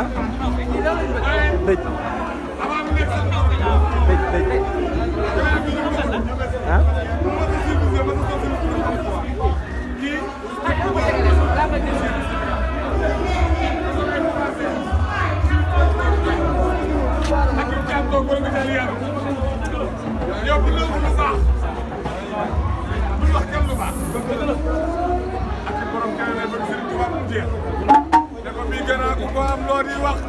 ah dëj dëj dëj ah Thank ko am loo di wax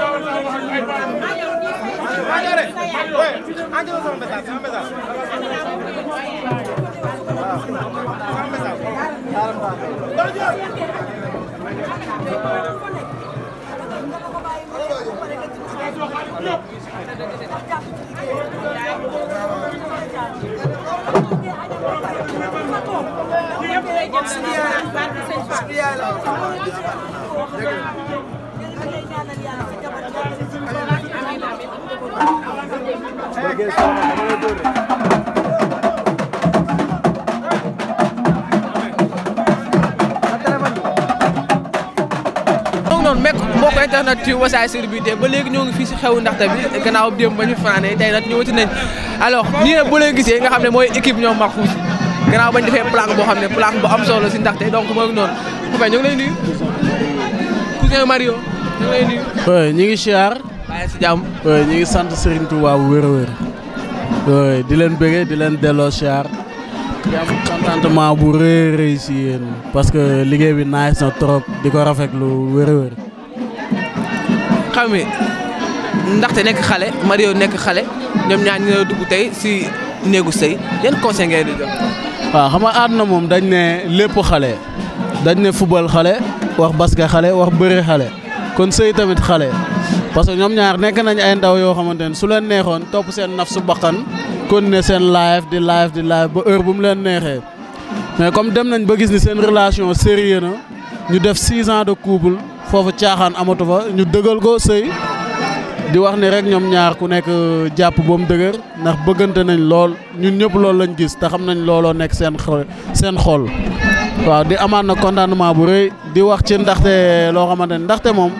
Dégg nga noonu mekk mbokk internet ci Wassare sur bi de ba léegi ñoo ngi fii si xewu ndaxte bi gannaaw démb ba ñu fanaanee tey nag ñëwati nañ alors ñii nag bu leen gisee nga xam ne mooy équipe ñoom Marcousse gannaaw bañ defee plaque boo xam ne plaque bu am solo si ndaxte donc mooy noonu Poupée ñu ngi lay nuyu cousin Mario ñu lay nuyu ñu siyaar waaye si jàmm ñu ngi sant Serigne Touba bu wér wér di leen bëggee di leen delloo siyaar di am bu rëy rëy yéen parce que liggéey bi naaj na trop di ko rafetlu wér a wér xam ndaxte nekk xale Mario nekk xale ñoom ñaar ñu dugg tey si néegu sëy yan conseil ngay di jox. waaw xam nga àdduna moom dañ ne lépp xale dañ ne football xale wax basket xale wax bëre xale kon sëy tamit xale parce que ñoom ñaar nekk nañu ay ndaw yoo xamante ne su leen neexoon topp seen naf su bakkan ne seen live di live di live ba heure bu mu leen neexee mais comme dem nañ ba gis ni seen relation sérieux na ñu def six ans de couple foofu caaxaan amatu fa ñu dëgal ko sëy di wax ni rek ñoom ñaar ku nekk euh, jàpp ba mu dëgër ndax bëggante nañ lool ñun ñëpp loolu lañ gis te xam nañ looloo nekk seen seen xol waaw di amaat na contentement bu rëy di wax ci ndaxte loo xamante ne ndaxte moom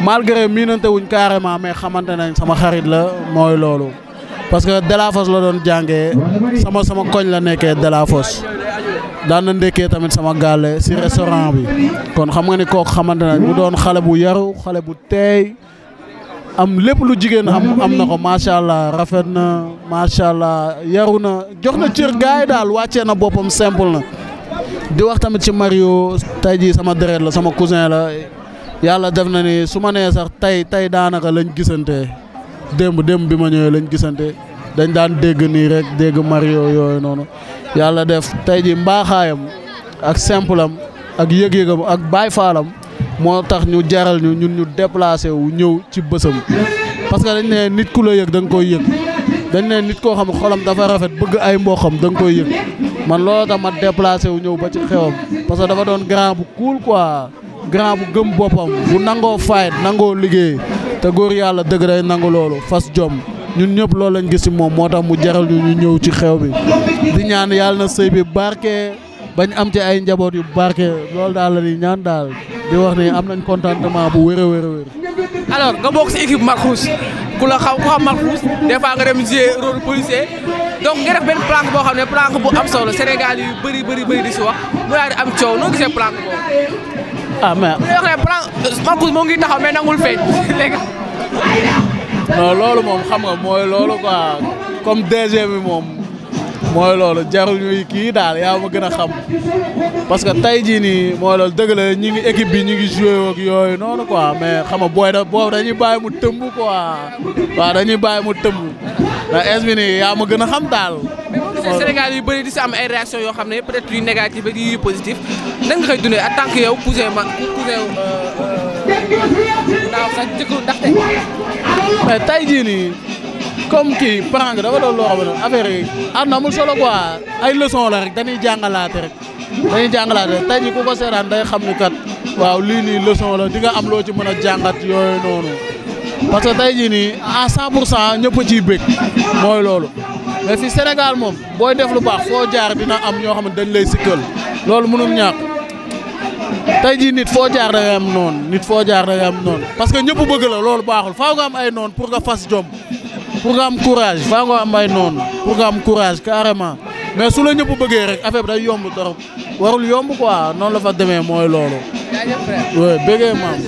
malgré miinante wuñ carrément mais xamante nañ sama xarit la mooy loolu parce que Delafosse la doon jàngee sama sama koñ la nekkee Delafosse daan na ndekkee tamit sama gàlle si restaurant bi kon xam nga ni kook xamante nañ mu doon xale bu yaru xale bu teey am lépp lu jigéen am am na ko macha allah rafet na macha allah yaru na jox na cër gars daal wàccee na boppam simple na di wax tamit si Mario tey jii sama deret la sama cousin la. yàlla def na ni su ma nee sax tey tey daanaka lañ gisante démb démb bi ma ñëwee lañ gisante dañ daan dégg nii rek dégg Mario yooyu noonu yàlla def tey ji mbaaxaayam ak simple am ak yëg-yëgam ak baay faalam moo tax ñu jaral ñu ñun ñu déplacé wu ñëw ci bësam parce que dañ nit ku la yëg da nga koy yëg dañ ne nit koo xam xolam dafa rafet bëgg ay mboqam da nga koy yëg man looloo tax ma déplacé wu ñëw ba ci xewam parce dafa doon grand bu cool quoi grand bu gëm boppam bu nangoo fayet nangoo liggéey te góor yàlla dëgg day nangu loolu fas jom ñun ñëpp loolu lañ gis ci moom moo tax mu jaral ñu ñu ñëw ci xew bi di ñaan yàlla na sëy bi barke bañ am ci ay njaboot yu barke lool daal la di ñaan daal di wax ni am nañ contentement bu wér a wér a nga bokk ci équipe Marcous ku la xam ku xam Marcous des nga dem jouer rôle policier donc nga def benn planque boo xam ne planque bu am solo Sénégal yu ah mais. bu ñu wax ne plan Marcus moo ngi taxaw mais nangul feeñ léegi. non loolu moom xam nga mooy loolu quoi comme DG bi moom mooy loolu jarul ñuy kii daal yaa ma gën a xam parce que tey jii nii mooy loolu dëgg la ñi ngi équipe bi ñi ngi joué ak yooyu noonu quoi mais xam nga booy da boobu dañuy bàyyi mu tëmb quoi waaw dañuy bàyyi mu tëmb ndax es bi nii yaa ma gën a xam daal. gisee Sénégal yu bëri di si am ay réaction yoo xam ne peut être yu négatif ak yu positif nan nga koy dundee a tant que yow cousin ma cousin euh, euh, naaw sax jëkkër ndaxte. kom kii prank dafa doon loo xam ne affaire yi àdduna amul solo quoi ay leçon la rek dañuy jàngalaate rek dañuy jàngalaate rek jii ku ko seetaan day xam ni kat waaw lii nii la di nga am loo ci mën a jàngat yooyu noonu parce que tey jii nii à 100 ñëpp ciy bëgg mooy loolu. mais fii Sénégal moom booy def lu baax foo jaar dina am ñoo xam ne dañ lay sikkal loolu mënul ñàkk tey jii nit foo jaar da ngay am noonu nit foo jaar da ngay am noonu parce que ñëpp bëgg la loolu baaxul faaw nga am ay noonu pour nga fas jom pour nga am courage faaw nga am ay noon pour nga am courage carrément mais su ñëp ñëpp bëggee rek affaire bi day yomb trop warul yomb ko noonu la fa demee mooy loolu. jaajëf frère bëggee maam.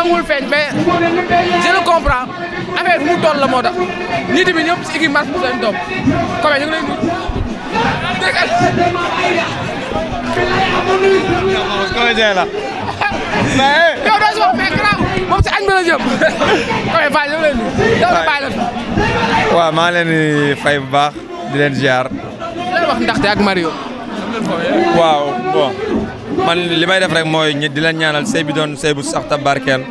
nanguwul feeñ mais je le comprends affaire bi mu toll la moo tax ñi tamit ñëpp si équipe marche bu ñu ngi lay nuyu. comédien la. mais. yow doo si wax mais garaaw moom si añ bi la jëm. comme Faye yow fay baax di leen jaar di leen wax ndaxte ak Mario. waaw bon. man li may def rek mooy ñi di leen ñaanal sëy bi doon sëy bu sax ta barkeel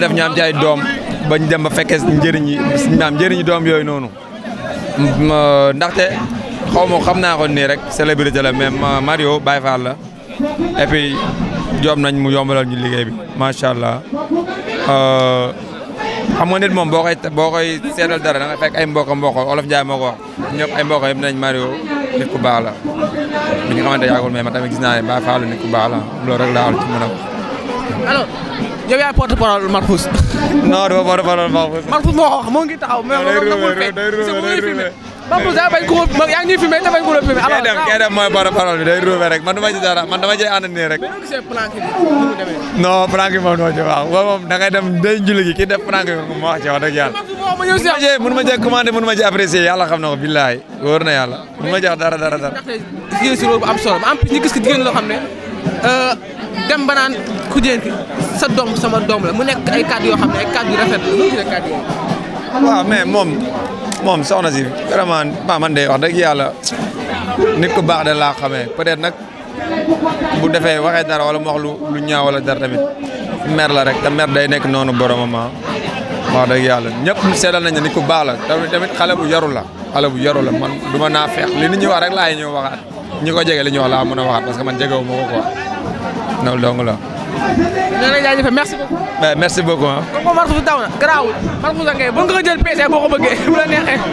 def ñu am doom bañ dem ba fekkee njëriñ yi maam njëriñu doom yooyu noonu ndaxte xaw ma xam naa ko nii rek célébrité la mais Mario Baye Fall la et nañ mu yombalal ñu liggéey bi macha allah euh, xam nga nit moom boo koy boo koy seetal dara da fekk ay mbokk mbokk olof Ndiaye moo ko wax ñëpp ay mbokk yëpp nañ Mario nit ku baax la. bi nga xamante yàggul mais man tamit gis naa ne Baye Fallou nit ku baax la loolu rek laa am ci mën a alors yow yaay porte parole Marfous. non du ma porte parole Marfous. Marfous moo ko moo ngi taxaw. mais loolu nagul fee Pape Moussa bañ ko yaa ngi ñuy filmé te bañ ko filmé. alors def kay def mooy borom parole bi day ruube rek man du ma ci dara man dama cay ànd nii rek. mais noo gisee planque bi nu mu demee. non planque bi moom noo ci waaw waaw moom da ngay dem day julli gi ki def planque bi ma dem sama dom lah, mu nekk ay kàddu yoo xam ne ay kàddu moom soxna si vraiment ma man de wax dëgg yàlla nit ku baax da laa xamee peut-être nag bu defee waxee dara wala mu lu lu ñaaw wala dara tamit mer la rek te mer day nekk noonu boromam ah wax dëgg yàlla ñëpp seedal nañ ne nit ku baax la tamit xale bu yaru la xale bu yaru la man du ma naa feex li ni ñi wax rek laay ñëw waxaat ñi ko jege li ñu wax laa mën a waxaat parce que man jegewuma ko quoi loolu dong la nee na jaajëfal merci beaucoup. merci beaucoup ah. comme que Marfouz daw na garaawul Marfouz ak kay bu nga ko jël PC boo ko bëggee